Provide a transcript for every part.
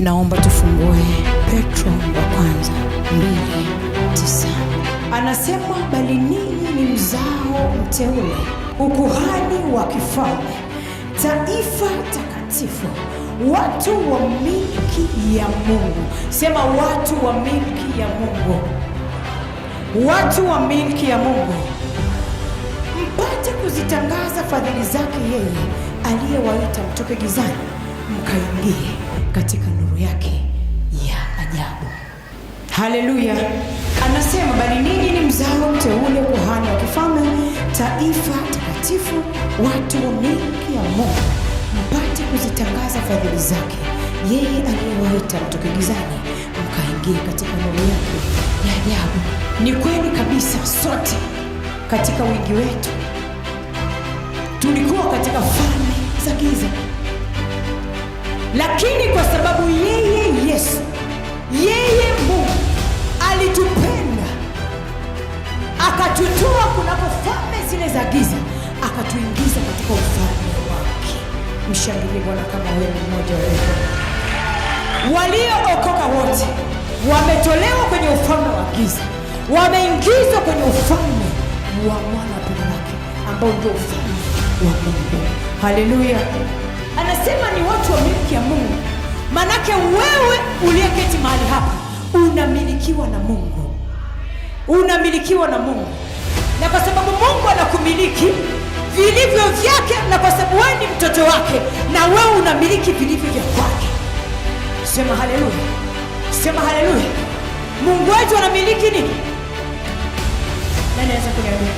Naomba tufungue Petro wa kwanza mbili tisa. Anasema bali ninyi ni mzao mteule, ukuhani wa kifalme, taifa takatifu, watu wa milki ya Mungu. Sema watu wa milki ya Mungu, watu wa milki ya Mungu, mpate kuzitangaza fadhili zake yeye aliyewaita mtoke gizani mkaingie katika nuru yake ya ajabu. Haleluya! Anasema, bali ninyi ni mzao mteule, kuhani wa kifalme, taifa takatifu, watu wa milki ya Mungu, mpate kuzitangaza fadhili zake yeye aliyewaita kutoka gizani mkaingie katika nuru yake ya ajabu. Ni kweli kabisa, sote katika wingi wetu tulikuwa katika falme za giza lakini kwa sababu yeye Yesu, yeye Mungu alitupenda akatutoa kunako falme zile za giza akatuingiza katika ufalme wake. Mshangilie Bwana kama wewe ni mmoja wetu. Waliookoka wote wametolewa kwenye ufalme wa giza, wameingizwa kwenye ufalme wa mwana pekee wake ambao ndio ufalme wa Mungu. Haleluya! anasema ni watu wa miliki ya Mungu. Manake wewe uliyeketi mahali hapa unamilikiwa na Mungu, unamilikiwa na Mungu, na kwa sababu Mungu anakumiliki vilivyo vyake, na kwa sababu wewe ni mtoto wake, na wewe unamiliki vilivyo vya kwake. Sema haleluya, sema haleluya. Mungu wetu anamiliki nini? Nani anaweza kuniambia?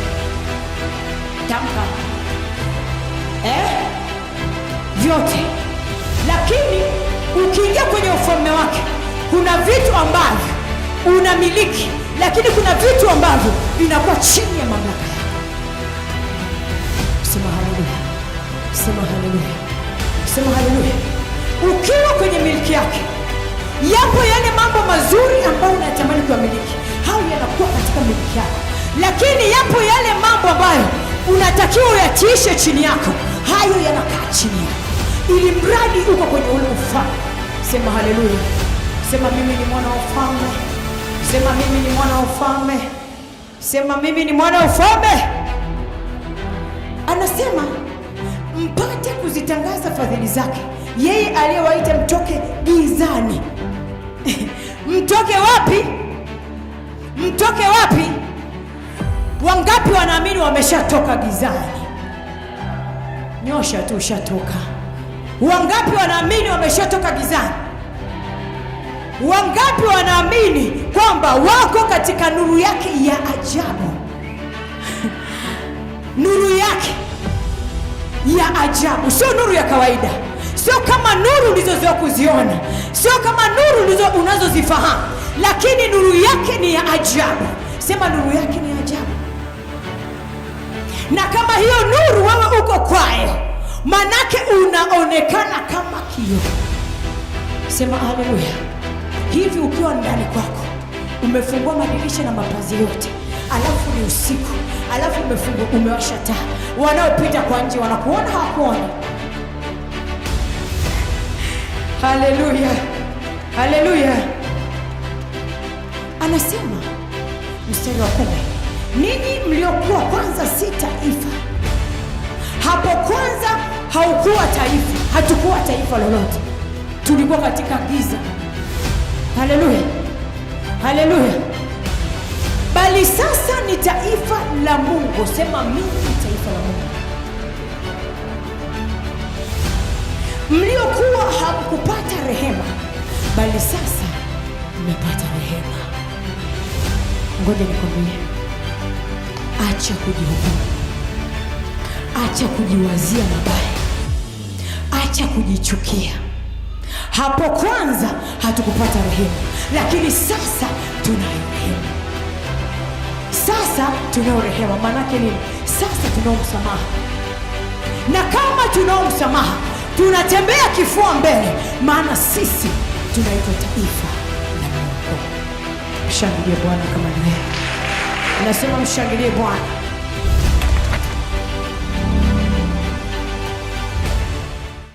Tamka eh? vyote, lakini ukiingia kwenye ufalme wake kuna vitu ambavyo unamiliki, lakini kuna vitu ambavyo vinakuwa chini ya mamlaka yako. Sema haleluya, sema haleluya, sema haleluya. Ukiwa kwenye miliki yake, yapo yale mambo mazuri ambayo unatamani kuyamiliki, hayo yanakuwa katika miliki yako, lakini yapo yale mambo ambayo unatakiwa uyatiishe chini yako, hayo yanakaa chini yako ili mradi uko kwenye ule ufalme. Sema haleluya, sema mimi ni mwana wa ufalme, sema mimi ni mwana wa ufalme, sema mimi ni mwana wa ufalme. Anasema mpate kuzitangaza fadhili zake yeye aliyewaita mtoke gizani. Mtoke wapi? Mtoke wapi? Wangapi wanaamini wameshatoka gizani? Nyosha tu, ushatoka. Wangapi wanaamini wameshatoka gizani? Wangapi wanaamini kwamba wako katika nuru yake ya ajabu? Nuru yake ya ajabu, sio nuru ya kawaida, sio kama nuru ulizozoea kuziona, sio kama nuru unazozifahamu, lakini nuru yake ni ya ajabu. Sema nuru yake ni ya ajabu. Na kama hiyo nuru wewe uko kwayo, manake unaonekana kama kioo. Sema haleluya! Hivi ukiwa ndani kwako umefungua madirisha na mapazi yote, alafu ni usiku, alafu umefungua umewasha taa, wanaopita kwa nje wanakuona hawakuona? Haleluya, haleluya! Anasema mstari wa kumi, ninyi mliokuwa kwanza hatukuwa taifa lolote, tulikuwa katika giza. Haleluya, haleluya! Bali sasa ni taifa la Mungu. Sema mimi ni taifa la Mungu. Mliokuwa hamkupata rehema, bali sasa mmepata rehema. Ngoja nikwambie, acha kujihukumu, acha kujiwazia mabaya acha kujichukia. Hapo kwanza hatukupata rehema, lakini sasa tunayo rehema, sasa tunayo rehema. Maanake nini? Sasa tunao msamaha, na kama tunao msamaha tunatembea kifua mbele, maana sisi tunaitwa taifa la Mungu. Mshangilie Bwana kama ni wewe, nasema mshangilie Bwana.